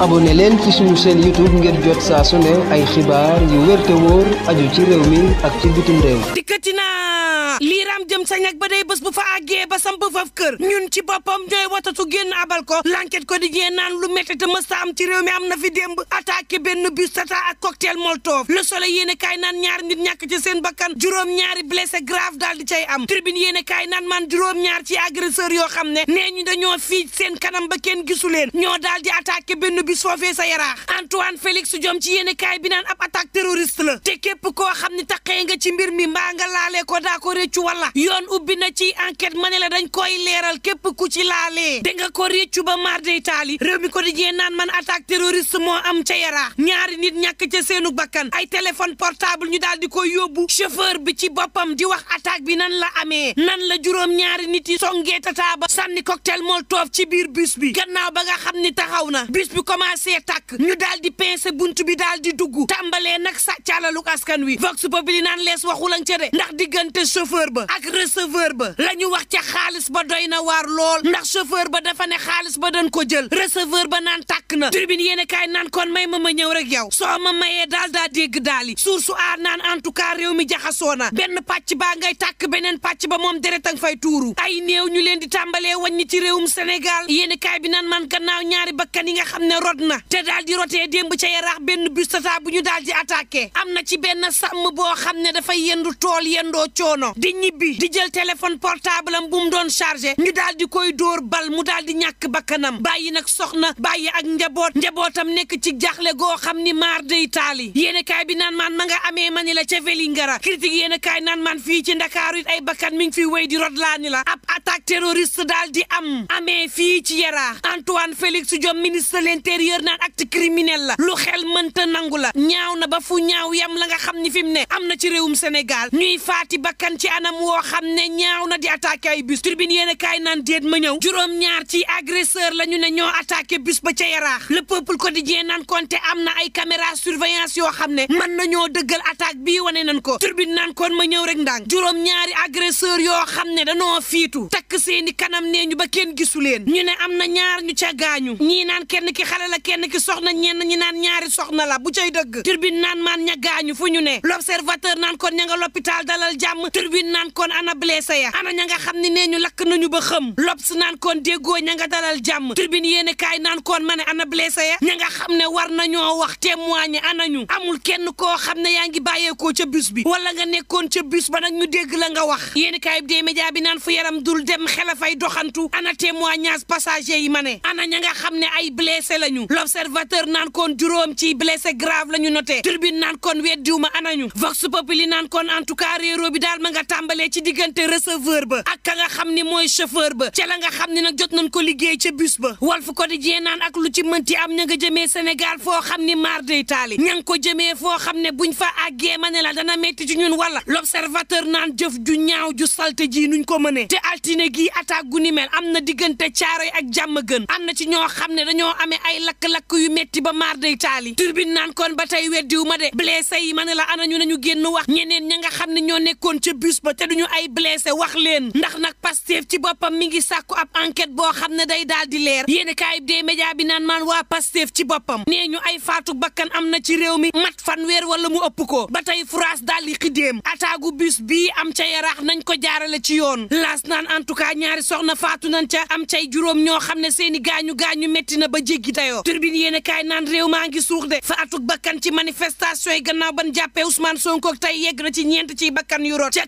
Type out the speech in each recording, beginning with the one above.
abone leen ci suñu chaîne YouTube ngir jot saa ne ay xibaar yu wér te wóor aju ci réew mi ak ci bitim réew. jëm sa ñag ba day bës bu fa àggee ba samp faf kër ñun ci boppam ñooy watatu génn abal ko l'enquête quotidien naan lu métti te mësta am ci réew mi am na fi démb attaqué benn bus tata ak cocktail molotov le soleil yéen a kaay naan ñaari nit ñàkk ci seen bakkan juróom ñaari blessé grave daal di cay am tribune kaay naan man juróom ñaar ci agresseur yoo xam ne nee ñu dañoo fii seen kanam ba kenn gisu ñoo daal di attaqué benn bus sa yaraax Antoine Félix Diome ci yéen a kaay bi naan ab attaque terroriste la te képp koo xam ne taqee nga ci mbir mi mbaa nga laalee ko daa ko réccu walla yoon ubbi na ci enquête ma ne la dañ koy leeral képp ku ci laale di nga ko réccu ba maar day taali réew mi quotidien naan man attaque terroriste moo am ca yaraa ñaari nit ñàkk ca seenu bakkan ay téléphone portable ñu daal di koy yóbbu chauffeur bi ci boppam di wax attaque bi nan la amee nan la juróom ñaari nit yi songee tataa ba sànni cocktail molotov ci biir bis bi gannaaw ba nga xam ni taxaw na bus bi commencé takk ñu daal di pincé bunt bi daal di dugg tàmbalee nag sàccaalalu askan wi vox populi naan lees waxulan ca de ndax diggante chauffeur ba ak receveur ba la ñu wax ca xaalis ba doy na waar lool ndax chauffeur ba dafa ne xaalis ba dan ko jël receveur ba naan tàkk na tribune yéen a kaay naan kon may ma ma ñëw rek yow soo ma mayee daal daa dégg daal yi suur su aar naan en tout cas réew mi jaxasoo na benn pàcc baa ngay tàkk beneen pàcc ba moom deret nga fay tuuru ay néew ñu leen di tàmbalee wàññi ci réewum Sénégal yéen a kaay bi naan man gannaaw ñaari bakkan yi nga xam ne rot na te daal di rotee démb ca yaraax benn bus tata bu ñu daal di attaqué am na ci benn sàmm boo xam ne dafay yendu tool yendoo coono di jël téléphone portable am bu mu doon chargé ñu daal di koy dóor bal mu daal di ñàkk bakkanam bàyyi nag soxna bàyyi ak njaboot njabootam nekk ci jaxle goo xam ni maar day taali yéen kaay bi naan maan ma nga amee mani la ca Vélingara critique yéen kaay naan maan fii ci Ndakaaru it ay bakkan mi ngi fiy wéy di rod laa ni la ab attaque terroriste daal di am amee fii ci Yaraax Antoine Félix Diome ministre de l'intérieur naan acte criminel la lu xel mënta nangu la ñaaw na ba fu ñaaw yam la nga xam ni fi mu ne am na ci réewum Sénégal ñuy faati bakkan ci anam woo xam ne ñaaw na di attaqué ay bus turbine yéen a kaay naan déet ma ñëw juróom-ñaar ci agresseur la ñu ne ñoo attaqué bis ba ca yaraax ko di quotidien naan konte am na ay caméra surveillance yoo xam ne man mën ñoo dëggal attaque bi wane nañ ko turbine nan kon ma ñëw rek ndànk juróom-ñaari agresseur yoo xam ne danoo fiitu takk seeni kanam nee ñu ba kenn gisu leen ñu ne am na ñaar ñu ca gaañu ñii naan kenn ki xale la kenn ki soxna ñenn ñi naan ñaari soxna la bu cay dëgg turbine naan maan ña gaañu fu ñu ne l'observateur naan kon ña nga l'hôpital dalal jàmm kon ana blessé ya ana ña nga xam ne nee ñu lakk nañu ba xëm lobs naan kon déggoo ña nga dalal jàmm tribune yéen kaay naan kon ma ne ana blessé ya ña nga xam ne war nañoo wax témoigner anañu amul kenn koo xam ne yaa ngi bàyyeekoo ca bus bi wala nga nekkoon ca bus ba nag ñu la nga wax yéen kaay bi dee média bi naan fu yaram dul dem xel a fay doxantu ana témoignage yi ma ne ana ña nga xam ne ay blessé lañu l'observateur naan koon juróom ci blessé grave lañu noté tribune naan kon weddiwuma anañu vox populi naan kon en tout cas réeroo bi daal ma nga tàmbalee ci diggante receveur ba ak ka xam ni mooy chauffeur ba ca la nga xam ni nag jot nañ ko liggéey ca bus ba Walf Quotidien naan ak lu ci mënti am ña nga jëmee Sénégal foo xam ni maar day taali ña ngi ko jëmee foo xam ne buñ fa àggee ma ne la dana metti ci ñun wala l'observateur naan jëf ju ñaaw ju salte ji nuñ ko mënee te altine gii attaque gu ni mel am na diggante caaroy ak jàmm gën am na ci ñoo xam ne dañoo amee ay lakk-lakk yu metti ba maar day taali turbine naan kon ba tey weddiwu ma de blessé yi ma ne la ana ñu nañu génn wax ñeneen ña nga xam ne ñoo nekkoon ca bus ba te duñu ñu ay blessé wax leen ndax nag Pastef ci boppam mi ngi sàkku ab enquête boo xam ne day daal di leer yéen kaay bi dee média bi naan maan waa Pastef ci boppam nee ñu ay faatu bakkan am na ci réew mi mat weer wala mu ëpp ko ba tey France daal di xidéem ataagu bus bi am ca yaraax nañ ko jaarale ci yoon laas naan en tout cas ñaari soxna faatu nañ ca am cay juróom ñoo xam ne seeni gaañu gaañu metti na ba jéggi dayoo turbine yéen kaay naan réew maa ngi suux de faatu bakkan ci manifestation yi gannaaw ban jàppee Ousmane Sonko tey yegg na ci ñeent ciy bakkan yu ca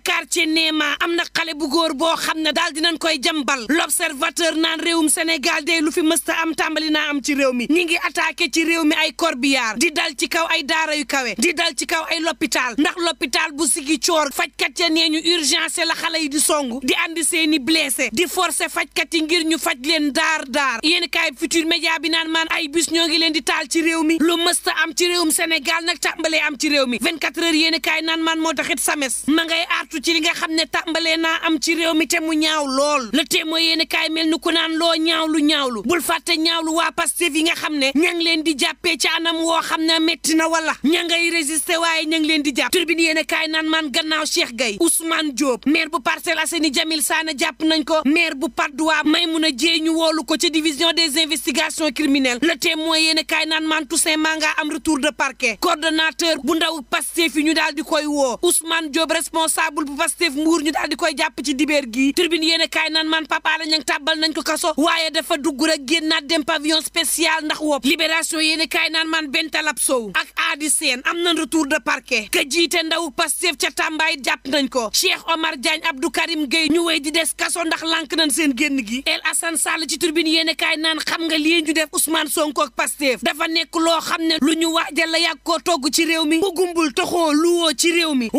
MMA am na xale bu góor boo xam ne daal dinañ koy jambal l'observateur naan réewum Sénégal de lu fi mësta am tàmbali naa am ci réew mi ñi ngi attaqué ci réew mi ay corbillard di dal ci ay daara yu kawe di dal ci kaw ay l'hôpital ndax l'hôpital bu sigi coor fajkat ya nee ñu urgence la xale yi di songu di andi seeni blessé di forcé fajkat yi ngir ñu faj leen daar daar yéen kaay futur média bi naan maan ay bus ñoo ngi leen di taal ci réew mi lu mësta am ci réewum Sénégal nag tàmbalee am ci réew mi 24 heures yéen kaay naan maan moo taxit sames ma ngay artu ci li nga xam ne tàmbalee naa am ci réew mi te mu ñaaw lool le témoin yéen kaay mel ni ku naan loo ñaawlu ñaawlu bul fàtte ñaawlu waa Pastef yi nga xam ne ña ngi leen di jàppe ci anam woo xam ne metti na wala ña ngay résisté waaye ña ngi leen di jàpp turbine yéen kaay naan man gannaaw Cheikh Gueye Ousmane Diop maire bu Parcelles Assainies Jamil Sané jàpp nañ ko maire bu Patte d'Oie Maïmouna Dièye ñu woolu ko ci division des investigations criminelles le témoin yéen kaay naan man Toussaint Manga am retour de parquet coordonnateur bu ndaw Pastef yi ñu daal di koy woo Ousmane Diop responsable bu Pastef mbuur ñu daal di koy jàpp ci dibeer gii turbine yéen a kaay naan man papa la ñang tàbbal nañ ko kaso waaye dafa dugg rek génnaat dem pavillon spécial ndax wopp libération yéen a kaay naan man bentalab sow ak aadi seen am nañ retour de parquet ka jiite ndaw Pastef ca Tamba it jàpp nañ ko Cheikh Omar Diagne Abdou Karim Gueye ñu wéy di des kaso ndax lànk nañ seen génn gi El Assane Sall ci turbine yéen a kaay naan xam nga lii ñu def Ousmane Sonko ak Pastef dafa nekk loo xam ne lu ñu waajal la yàgg koo togg ci réew mi ku gumbul taxoo luwoo ci réew mi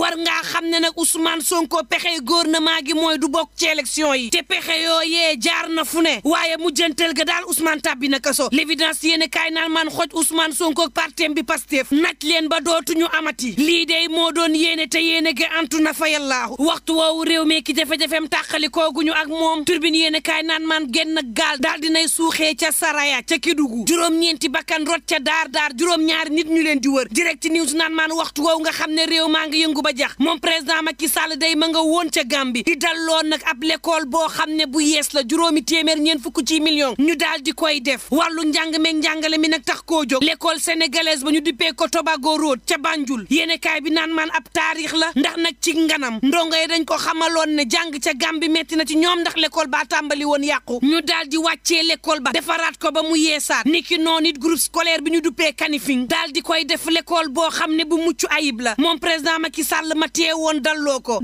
pexe gouvernement gi mooy du bokk ci élection yi te pexe yooyee jaar na fu ne waaye mujjantal ga daal Ousmane tàbbi na kaso l'évidence yéen kaay naan man xoj Ousmane Sonko ak partem bi Pastef naj leen ba dootuñu amati lii dey moo doon yéene te yéene ga antu na fa yàllaahu waxtu woowu réew mi ki jafe-jafem tàqali kooguñu ak moom turbine yéene kaay naan man genn gaal daal dinay suuxee ca Saraya ca Kidugu juróom-ñeenti bakkan rot ca daar daar juróom-ñaari nit ñu leen di wër direct news naan man waxtu woowu nga xam ne réew maa nga yëngu ba jax moom président Macky Sall day ma nga woon ca Gàmbi di dalloon nag ab lekkool boo xam ne bu yees la juróomi téeméer ñeen fukk ci million ñu daal di koy def wàllu njàng meeg njàngale mi nag tax koo jóg l'école sénégalaise ba ñu dippee ko Tobago Road ca Banjul yéenekaay bi naan maan ab taarix la ndax nag ci nganam ndongo yi dañ ko xamaloon ne jàng ca Gàmbi metti na ci ñoom ndax lekkool baa tàmbali woon yàqu ñu daal di wàccee l'école ba defaraat ko ba mu yeesaat ki noon it groupe scolaire bi ñu duppee Kanifing daal di koy def l'école boo xam ne bu mucc ayib la moom président Macky Sall ma teewoon dalloo ko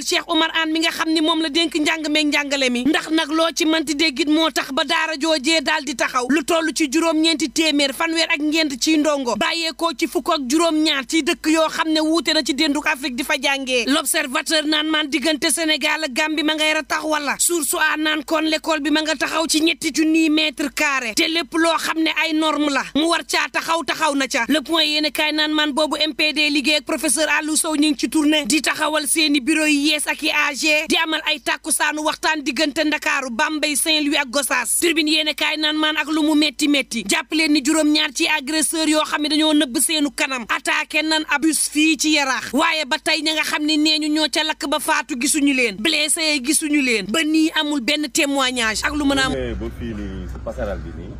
jaajëfal Cheikh Oumar Anne mi nga xam ni moom la dénk njàng meeg njàngale mi ndax nag loo ci manti déggit moo tax ba daara joojee dal di taxaw lu toll ci juróom-ñeenti téeméer fanweer ak ñeent ciy ndongo bàyyeekoo ci fukk ak juróom-ñaar ci dëkk yoo xam ne wuute na ci dénduk Afrique di fa jàngee l'observateur naan maan diggante Sénégal ak Gambie ma ngay ra tax wala source a naan kon l'école bi ma nga taxaw ci ñetti junniy mètre carré te lépp loo xam ne ay norme la mu war caa taxaw taxaw na ca le point yéen kaay naan maan boobu MPD liggéey ak professeur Aliou Sow ñu ngi ci tournée di taxawal seeni yu yees ak yi âgé di amal ay tàkkusaanu waxtaan diggante ndakaaru Bambey Saint-Louis ak Gossas tribune yéene kaay naan maan ak lu mu métti métti jàpp leen ni juróom-ñaar ci agresseur yoo xam ne dañoo nëbb seenu kanam attaqué nan abus fii ci yaraax waaye ba tey ña nga xam ne nee ñu ñoo ca lakk ba faatu gisuñu leen blessé yi gisuñu leen ba nii amul benn témoignage ak lu mën a ba fii nii si bi nii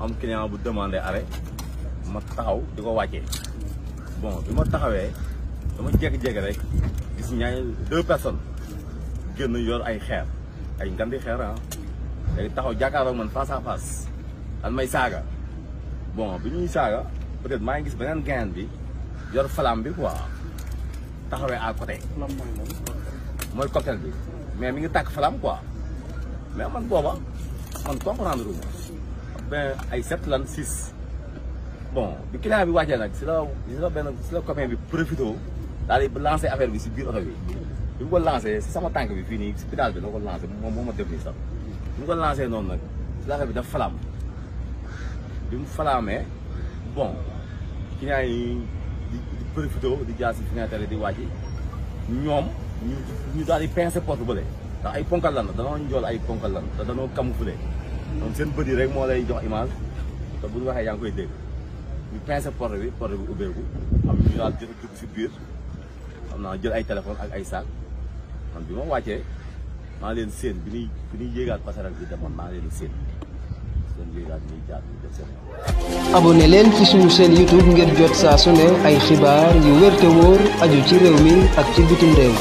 am client bu demandé arrêt ma taxaw di ko wàccee dama jékki-jékki rek gis ñaari deux personnes génn yor ay xeer ay ngandi xeer ah léegi taxaw jàkkaarloo man face à face an may saaga bon bi ñuy saaga peut-être maa ngi gis beneen gain bi yor flamme bi quoi taxawee à côté. mooy cocktail bi mais mi ngi takk flamme quoi mais man booba man comprendre lu ben ay sept lan six bon bi client bi wàccee nag si la si la benn si la copain bi profité daal di lancé affaire bi si biir oto bi bi mu ko lancé si sama tànk bi fii nii si pédale bi la ko lancé moom moo ma def nii sax bi mu ko lancé noonu nag si affaire bi daf falaam bi mu falaamee bon ki naa yi di di profité di jaar si fenêtre di wàcc ñoom ñu ñu daal yi pincé porte bële ndax ay ponkal lan la danoo njool ay ponkal lan te danoo camouflé donc seen bët yi rek moo lay jox image bu ñu waxee yaa ngi koy dégg ñu pense porte bi porte bi ubbeeku am ñu daal si biir naa jël ay téléphone ak ay saak man bi ma leen seen bi ñuy bi ñuy demoon maa leen seen seen yéegaat ñuy jaar ñu def leen ci suñu seen YouTube ngir jot saa su ne ay xibaar yu wér wóor aju ci réew mi ak ci bitim réew